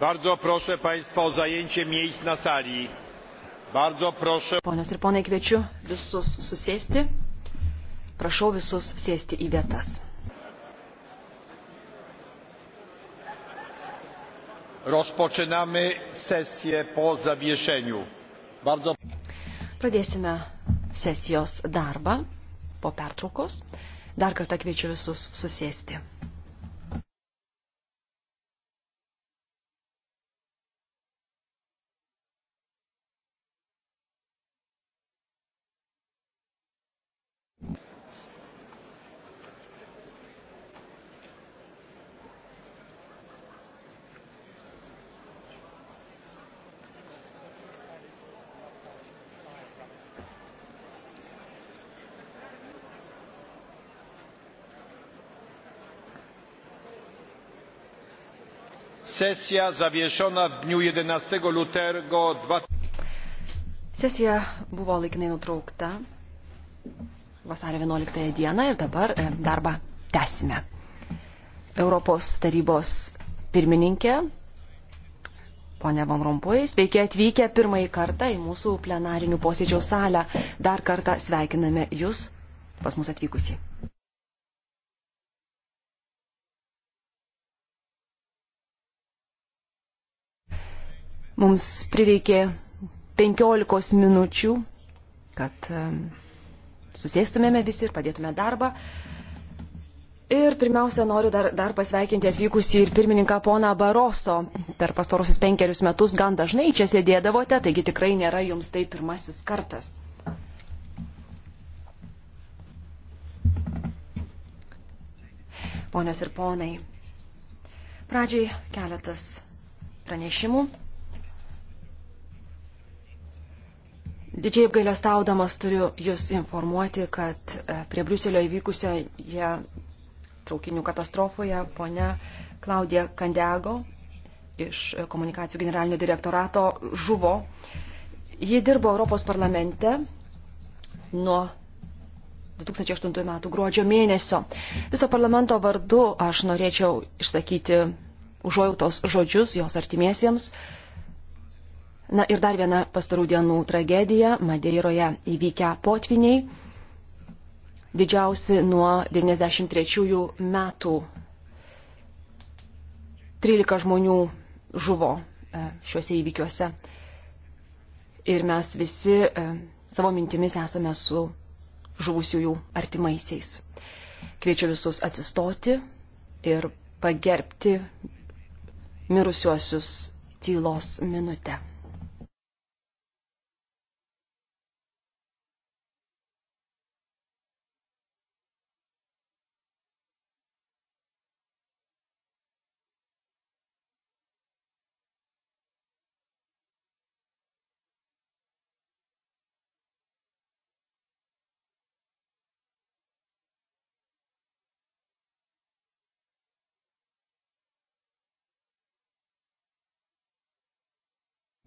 Bardzo proszę Państwa o zajęcie miejsc na sali. Bardzo proszę. Ponios ir ponai, kviečiu visus susėsti. Prašau visus sėsti į vietas. Rozpoczynamy sesję po zawieszeniu. Bardzo... Pradėsime sesijos darbą po pertraukos. Dar kartą kviečiu visus susėsti. Sesja zawieszona w dniu 11 lutego 2000. Sesija buvo laikinai nutraukta vasario 11 dieną ir dabar e, darbą tęsime. Europos tarybos pirmininkė, ponia Van Rompuy, sveiki atvykę pirmąjį kartą į mūsų plenarinių posėdžių salę. Dar kartą sveikiname Jūs pas mus atvykusi. Mums prireikė 15 minučių, kad susėstumėme visi ir padėtume darbą. Ir pirmiausia, noriu dar, dar pasveikinti atvykusį ir pirmininką poną Baroso. Per pastarosius penkerius metus gan dažnai čia sėdėdavote, taigi tikrai nėra jums tai pirmasis kartas. Ponios ir ponai, pradžiai keletas pranešimų. Didžiai apgailestaudamas turiu Jūs informuoti, kad e, prie Briuselio įvykusioje traukinių katastrofoje ponia Klaudija Kandego iš e, komunikacijų generalinio direktorato žuvo. Ji dirbo Europos parlamente nuo 2008 m. gruodžio mėnesio. Viso parlamento vardu aš norėčiau išsakyti užuojautos žodžius jos artimiesiems. Na ir dar viena pastarų dienų tragedija - Madeiroje įvykę potviniai, didžiausi nuo 93 metų. 13 žmonių žuvo e, šiuose įvykiuose. Ir mes visi e, savo mintimis esame su žuvusiųjų artimaisiais. Kviečiu visus atsistoti ir pagerbti mirusiuosius tylos minutę.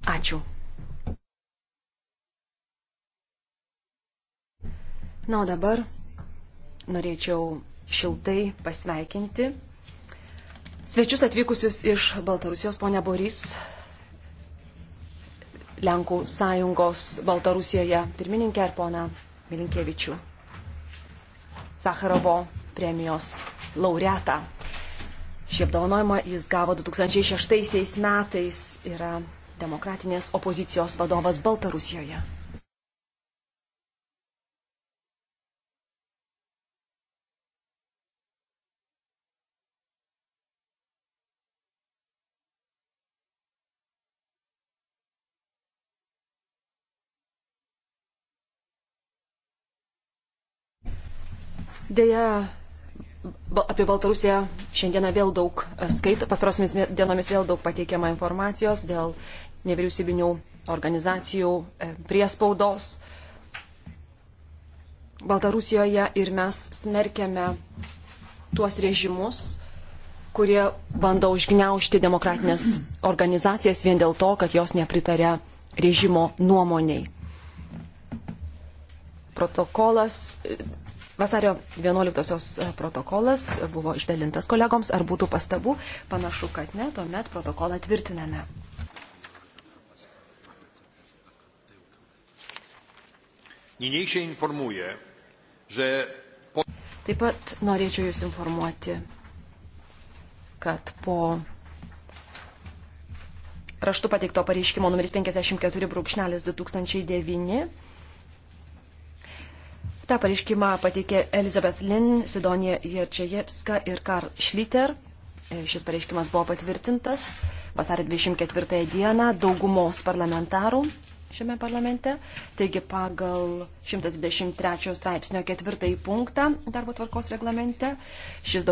Ačiū. Na, o dabar norėčiau šiltai pasveikinti svečius atvykusius iš Baltarusijos, ponia Boris, Lenkų sąjungos Baltarusijoje pirmininkė ir pona Milinkievičių, Sakarovo premijos laureatą. Šį apdovanojimą jis gavo 2006 metais, yra demokratinės opozicijos vadovas Baltarusijoje. Deja, apie Baltarusiją šiandieną vėl daug e, skaito, pastarosiamis dienomis vėl daug pateikiama informacijos dėl nevyriausybinių organizacijų, e, priespaudos Baltarusijoje ir mes smerkėme tuos režimus, kurie bando užgneušti demokratinės organizacijas vien dėl to, kad jos nepritarė režimo nuomoniai. Protokolas, vasario 11 protokolas buvo išdalintas kolegoms, ar būtų pastabų, panašu, kad ne, tuomet protokolą tvirtiname. Niniejšie informuoja, že. Po... Taip pat norėčiau Jūs informuoti, kad po raštu pateikto pareiškimo numeris 54.2009 tą pareiškimą pateikė Elizabeth Lin, Sidonija Jerčejevska ir Karl Schlitter. E, šis pareiškimas buvo patvirtintas vasarį 24 dieną daugumos parlamentarų šiame parlamente. Taigi pagal 123 straipsnio ketvirtąjį punktą darbo tvarkos reglamente šis dokumentas